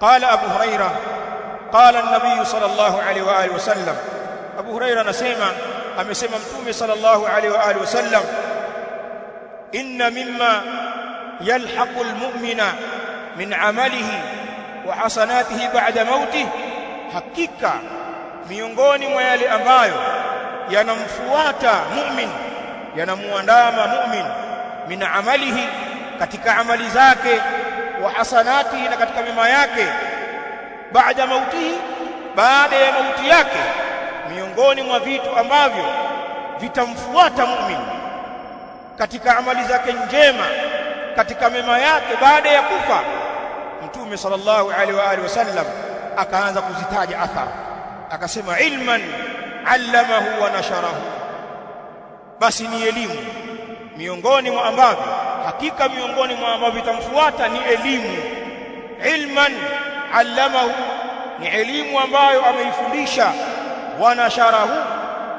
قال أبو هريرة قال النبي صلى الله عليه وآله وسلم أبو هريرة نسيما أمسيما متومي صلى الله عليه وآله وسلم إن مما يلحق المؤمن من عمله وحسناته بعد موته hakika miongoni mwa yale ambayo yanamfuata mu'min yanamuandama mu'min min amalihi katika amali zake wa hasanati na katika mema yake baada mauti, baada ya mauti yake miongoni mwa vitu ambavyo vitamfuata muumini katika amali zake njema katika mema yake baada ya kufa mtume sallallahu alaihi wa alihi wasallam akaanza kuzitaja athar akasema ilman allamahu wa nasharahu basi ni elimu miongoni mwa ambavyo hakika miongoni mwa ambao vitamfuata ni elimu. Ilman allamahu, ni elimu ambayo ameifundisha. Wanasharahu,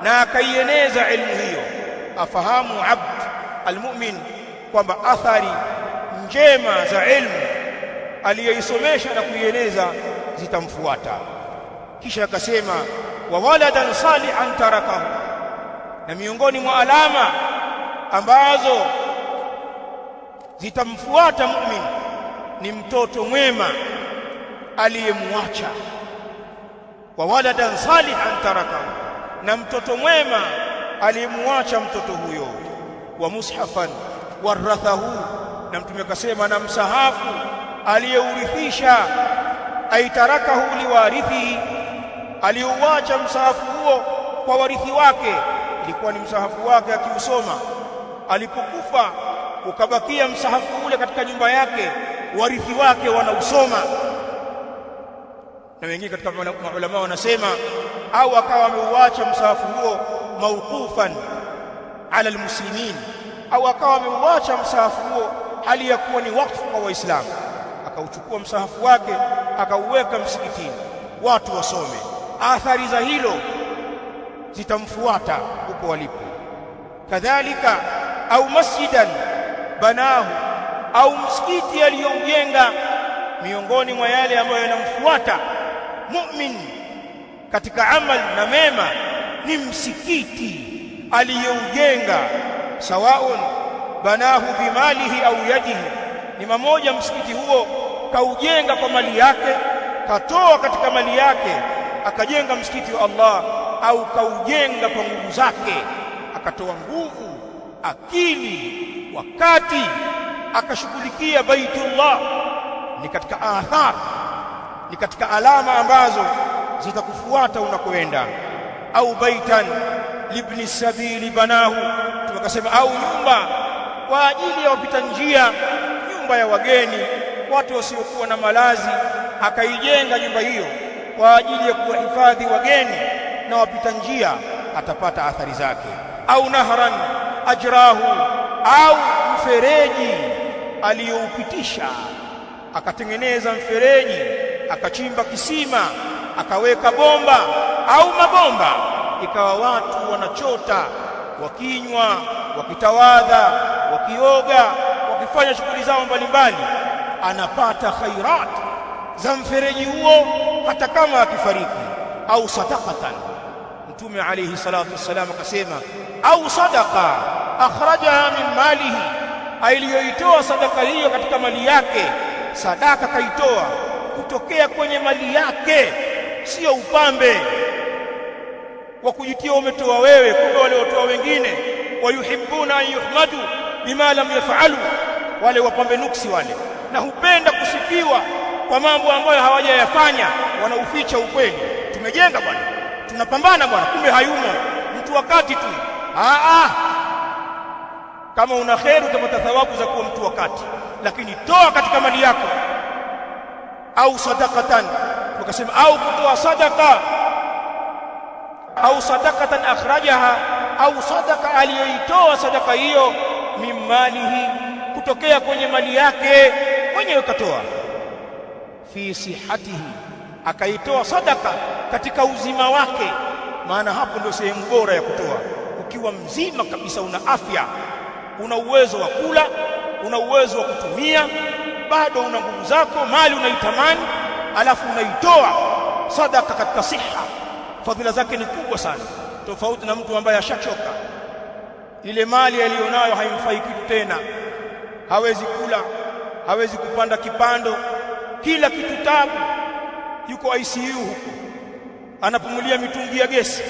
na akaieneza elimu hiyo. Afahamu abd almu'min kwamba athari njema za elimu aliyoisomesha na kuieneza zitamfuata. Kisha akasema wa waladan salihan tarakahu, na miongoni mwa alama ambazo zitamfuata muumini ni mtoto mwema aliyemwacha wa waladan salihan taraka na mtoto mwema aliyemwacha mtoto huyo. Wa mushafan warathahu, na Mtume akasema na msahafu aliyeurithisha. Aitarakahu liwarithi aliuacha msahafu huo kwa warithi wake, ilikuwa ni msahafu wake akiusoma alipokufa ukabakia msahafu ule katika nyumba yake, warithi wake wanausoma. Na wengine katika maulama wanasema au akawa ameuacha msahafu huo mauqufan ala almuslimin, au akawa ameuacha msahafu huo hali ya kuwa ni wakfu kwa Waislamu, akauchukua msahafu wake akauweka msikitini watu wasome. Athari za hilo zitamfuata huko walipo. Kadhalika au masjidan banahu au msikiti aliyoujenga miongoni mwa yale ambayo yanamfuata mu'min katika amal na mema ni msikiti aliyoujenga sawaun banahu bimalihi au yadihi ni mamoja msikiti huo kaujenga kwa mali yake katoa katika mali yake akajenga msikiti wa Allah au kaujenga kwa nguvu zake akatoa nguvu akili wakati akashughulikia Baitullah ni katika athar, ni katika alama ambazo zitakufuata unakoenda. Au baitan libni sabili banahu, tukasema au nyumba kwa ajili ya wapita njia, nyumba ya wageni, watu wasiokuwa na malazi, akaijenga nyumba hiyo kwa ajili ya kuwahifadhi wageni na wapita njia, atapata athari zake. Au nahran ajrahu au mfereji aliyoupitisha, akatengeneza mfereji, akachimba kisima, akaweka bomba au mabomba, ikawa watu wanachota, wakinywa, wakitawadha, wakioga, wakifanya shughuli zao mbalimbali, anapata khairat za mfereji huo hata kama akifariki au sadaqatan. Mtume alayhi salatu wassalam akasema au sadaqa akhrajaha min malihi, aliyoitoa sadaka hiyo katika mali yake. Sadaka kaitoa kutokea kwenye mali yake, sio upambe wa kujitia umetoa wewe, kumbe waliotoa wengine. Wayuhibbuna an yuhmadu bima lam yafalu, wale wapambe nuksi wale, na hupenda kusifiwa kwa mambo ambayo hawajayafanya, wanauficha ukweli. Tumejenga bwana, tunapambana bwana, kumbe hayumo mtu wakati tu. Aa, kama una kheri utapata thawabu za kuwa mtu wakati lakini toa katika mali yako au sadaqatan, ukasema au kutoa sadaka au sadaqatan akhrajaha au sadaka aliyoitoa sadaka hiyo min malihi, kutokea kwenye mali yake mwenyewe katoa, fi sihatihi, akaitoa sadaka katika uzima wake. Maana hapo ndio sehemu bora ya kutoa, ukiwa mzima kabisa, una afya una uwezo wa kula, una uwezo wa kutumia, bado una nguvu zako, mali unaitamani, alafu unaitoa sadaka katika siha, fadhila zake ni kubwa sana, tofauti na mtu ambaye ashachoka, ile mali aliyonayo haimfai kitu tena, hawezi kula, hawezi kupanda kipando, kila kitu tabu, yuko ICU huko, anapumulia mitungi ya gesi,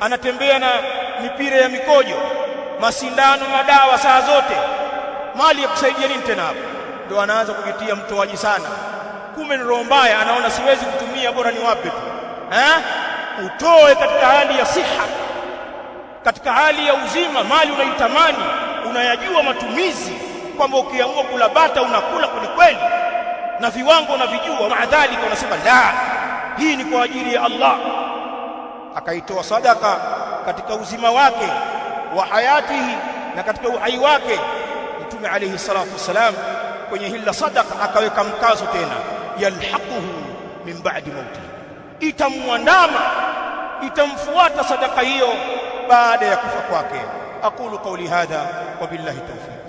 anatembea na mipira ya mikojo masindano na dawa saa zote, mali ya kusaidia nini tena hapo? Ndio anaanza kujitia mtoaji sana, kumbe ni roho mbaya, anaona siwezi kutumia, bora ni wape tu eh, utoe katika hali ya siha, katika hali ya uzima. Mali unaitamani, unayajua matumizi, kwamba ukiamua kula bata unakula kwelikweli, na viwango unavijua. Maadhalika unasema la, hii ni kwa ajili ya Allah, akaitoa sadaka katika uzima wake wa hayatihi, na katika uhai wake Mtume alayhi salatu wassalam kwenye hili sadaka akaweka mkazo tena, yalhaquhu min ba'di mauti, itamwandama itamfuata sadaka hiyo baada ya kufa kwake. Aqulu qauli hadha wa billahi tawfiq.